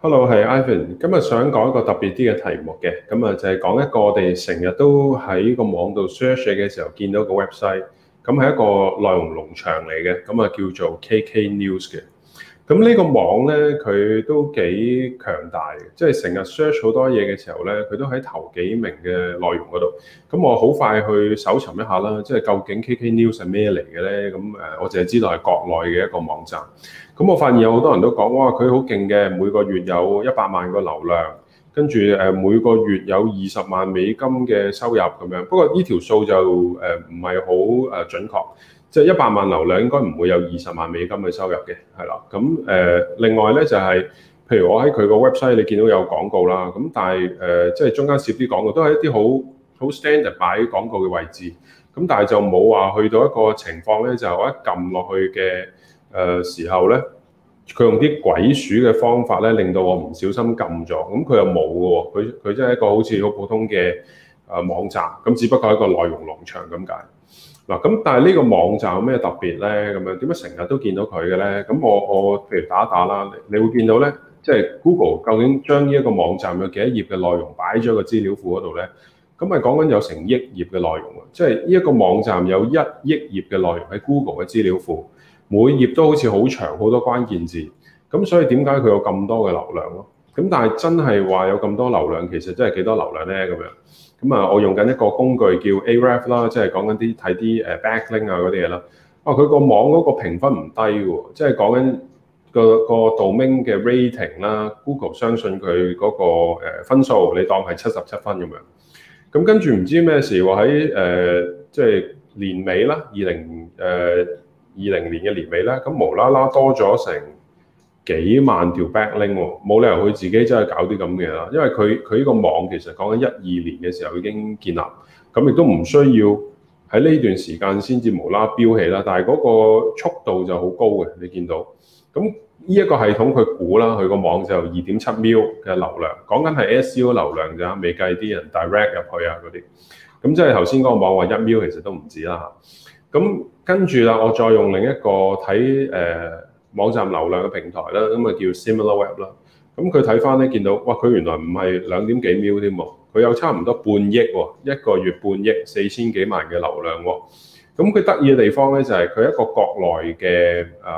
Hello，我係 Ivan，今日想講一個特別啲嘅題目嘅，咁就係講一個我哋成日都喺個網度 search 嘅時候見到一個 website，咁係一個內容農場嚟嘅，咁啊叫做 KK News 嘅。咁呢個網咧，佢都幾強大嘅，即係成日 search 好多嘢嘅時候咧，佢都喺頭幾名嘅內容嗰度。咁我好快去搜尋一下啦，即係究竟 KK News 係咩嚟嘅咧？咁誒，我淨係知道係國內嘅一個網站。咁我發現有好多人都講哇，佢好勁嘅，每個月有一百萬個流量，跟住誒每個月有二十萬美金嘅收入咁樣。不過呢條數就誒唔係好誒準確。即係一百萬流量應該唔會有二十萬美金嘅收入嘅，係啦。咁誒、呃，另外咧就係、是，譬如我喺佢個 website 你見到有廣告啦。咁但係誒，即、呃、係、就是、中間攝啲廣告都係一啲好好 standard 擺廣告嘅位置。咁但係就冇話去到一個情況咧，就是、我一撳落去嘅誒時候咧，佢用啲鬼鼠嘅方法咧，令到我唔小心撳咗。咁佢又冇嘅喎，佢佢真係一個好似好普通嘅。誒網站咁，只不過係一個內容農場咁解。嗱咁，但係呢個網站有咩特別咧？咁樣點解成日都見到佢嘅咧？咁我我譬如打一打啦，你會見到咧，即係 Google 究竟將呢一個網站有幾多頁嘅內容擺咗個資料庫嗰度咧？咁係講緊有成億頁嘅內容喎，即係呢一個網站有一億頁嘅內容喺 Google 嘅資料庫，每頁都好似好長好多關鍵字。咁所以點解佢有咁多嘅流量咯？咁但係真係話有咁多流量，其實真係幾多流量咧？咁樣。咁啊，我用緊一個工具叫 Ahrefs 啦，即係講緊啲睇啲誒 backlink 啊嗰啲嘢啦。哦，佢個網嗰個評分唔低喎，即係講緊個個 domain 嘅 rating 啦，Google 相信佢嗰個分數，你當係七十七分咁樣。咁跟住唔知咩事話喺誒即係年尾啦，二零誒二零年嘅年尾啦，咁無啦啦多咗成幾萬條 backlink 喎，啊，冇理由佢自己真係搞啲咁嘅啦，因為佢佢呢個網其實講緊一二年嘅時候已經建立，咁亦都唔需要喺呢段時間先至無啦啦飆起啦，但係嗰個速度就好高嘅，你見到，咁呢一個系統佢估啦，佢個網就二點七秒嘅流量，講緊係 SEO 流量咋，未計啲人 direct 入去啊嗰啲，咁即係頭先嗰個網話一秒其實都唔止啦，咁跟住啦，我再用另一個睇誒。呃網站流量嘅平台咧，咁啊叫 SimilarWeb 啦。咁佢睇返咧，見到哇，佢原來唔係兩點幾秒添喎，佢有差唔多半億喎，一個月半億四千幾萬嘅流量喎。咁佢得意嘅地方咧，就係、是、佢一個國內嘅、呃、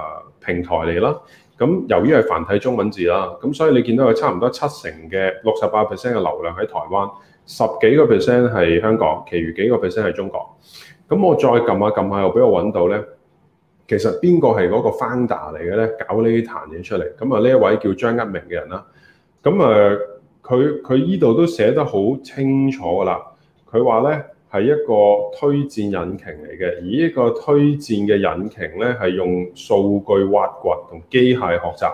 平台嚟啦。咁由於係繁體中文字啦，咁所以你見到佢差唔多七成嘅六十八 percent 嘅流量喺台灣，十幾個 percent 係香港，其餘幾個 percent 係中國。咁我再撳下撳下，又俾我揾到咧。其實邊個係嗰個 founder 嚟嘅咧？搞呢啲彈嘢出嚟咁啊！呢一位叫張一鳴嘅人啦，咁啊，佢佢依度都寫得好清楚㗎啦。佢話咧係一個推薦引擎嚟嘅，而呢個推薦嘅引擎咧係用數據挖掘同機械學習，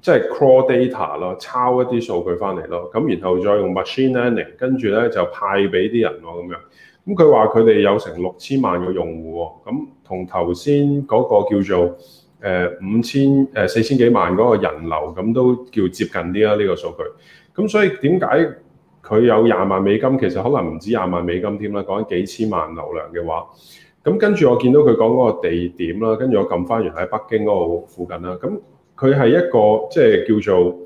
即係 crawl data 咯，抄一啲數據翻嚟咯，咁然後再用 machine learning，跟住咧就派俾啲人咯，咁樣。咁佢話佢哋有成六千萬個用戶喎，咁同頭先嗰個叫做誒五、呃、千誒四、呃、千幾萬嗰個人流，咁都叫接近啲啦呢個數據。咁所以點解佢有廿萬美金？其實可能唔止廿萬美金添啦，講緊幾千萬流量嘅話。咁跟住我見到佢講嗰個地點啦，跟住我撳翻完喺北京嗰個附近啦。咁佢係一個即係、就是、叫做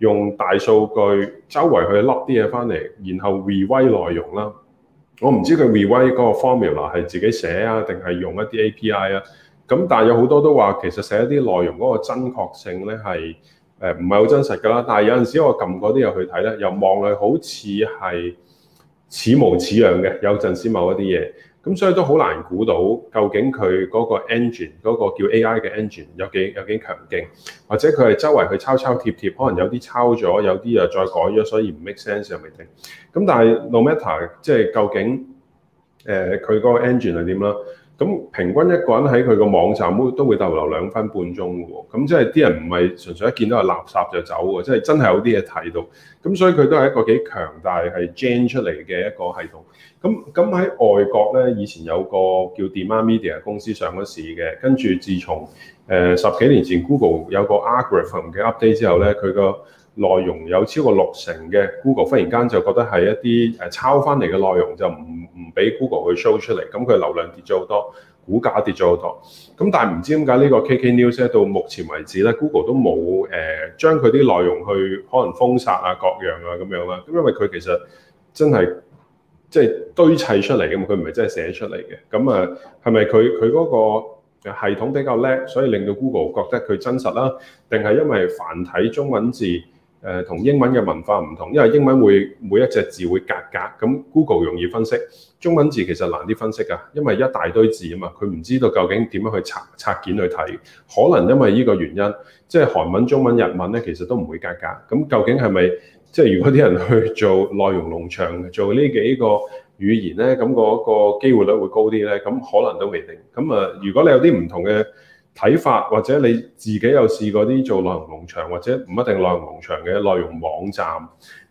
用大數據周圍去 load 啲嘢翻嚟，然後 rewrite 內容啦。我唔知佢 rewrite 嗰個 formula 係自己寫啊，定係用一啲 API 啊。咁但係有好多都話，其實寫一啲內容嗰個真確性咧係誒唔係好真實㗎啦。但係有陣時我撳嗰啲入去睇咧，又望係好似係似模似樣嘅，有陣時某一啲嘢。咁、嗯、所以都好難估到究竟佢嗰個 engine 嗰、嗰個叫 AI 嘅 engine 有幾有幾強勁，或者佢係周圍去抄抄貼貼，可能有啲抄咗，有啲又再改咗，所以唔 make sense 又未定。咁、嗯、但係 no matter 即係究竟。誒佢個 engine 係點啦？咁、嗯、平均一個人喺佢個網站都都會逗留兩分半鐘嘅喎、哦，咁、嗯、即係啲人唔係純粹一見到係垃圾就走喎，即係真係有啲嘢睇到。咁、嗯、所以佢都係一個幾強大係 gen 出嚟嘅一個系統。咁咁喺外國咧，以前有個叫 Demand Media 公司上咗市嘅，跟住自從誒、呃、十幾年前 Google 有個 algorithm 嘅 update 之後咧，佢個內容有超過六成嘅 Google 忽然間就覺得係一啲誒抄翻嚟嘅內容就唔唔俾 Google 去 show 出嚟，咁佢流量跌咗好多，股價跌咗好多。咁但係唔知點解呢個 KK News 到目前為止咧 Google 都冇誒、呃、將佢啲內容去可能封殺啊各樣啊咁樣啦、啊，咁因為佢其實真係即係堆砌出嚟嘅嘛，佢唔係真係寫出嚟嘅。咁啊係咪佢佢嗰個系統比較叻，所以令到 Google 覺得佢真實啦、啊？定係因為繁體中文字？誒同英文嘅文化唔同，因為英文會每一隻字會格格，咁 Google 容易分析。中文字其實難啲分析㗎，因為一大堆字啊嘛，佢唔知道究竟點樣去拆拆件去睇。可能因為呢個原因，即係韓文、中文、日文咧，其實都唔會格格。咁究竟係咪即係如果啲人去做內容農場，做呢幾個語言咧，咁嗰個機會率會高啲咧？咁可能都未定。咁啊，如果你有啲唔同嘅，睇法或者你自己有試過啲做內容農場或者唔一定內容農場嘅內容網站，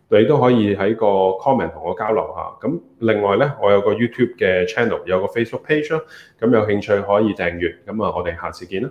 你都可以喺個 comment 同我交流下。咁另外呢，我有個 YouTube 嘅 channel，有個 Facebook page，咁有興趣可以訂閱。咁啊，我哋下次見啦。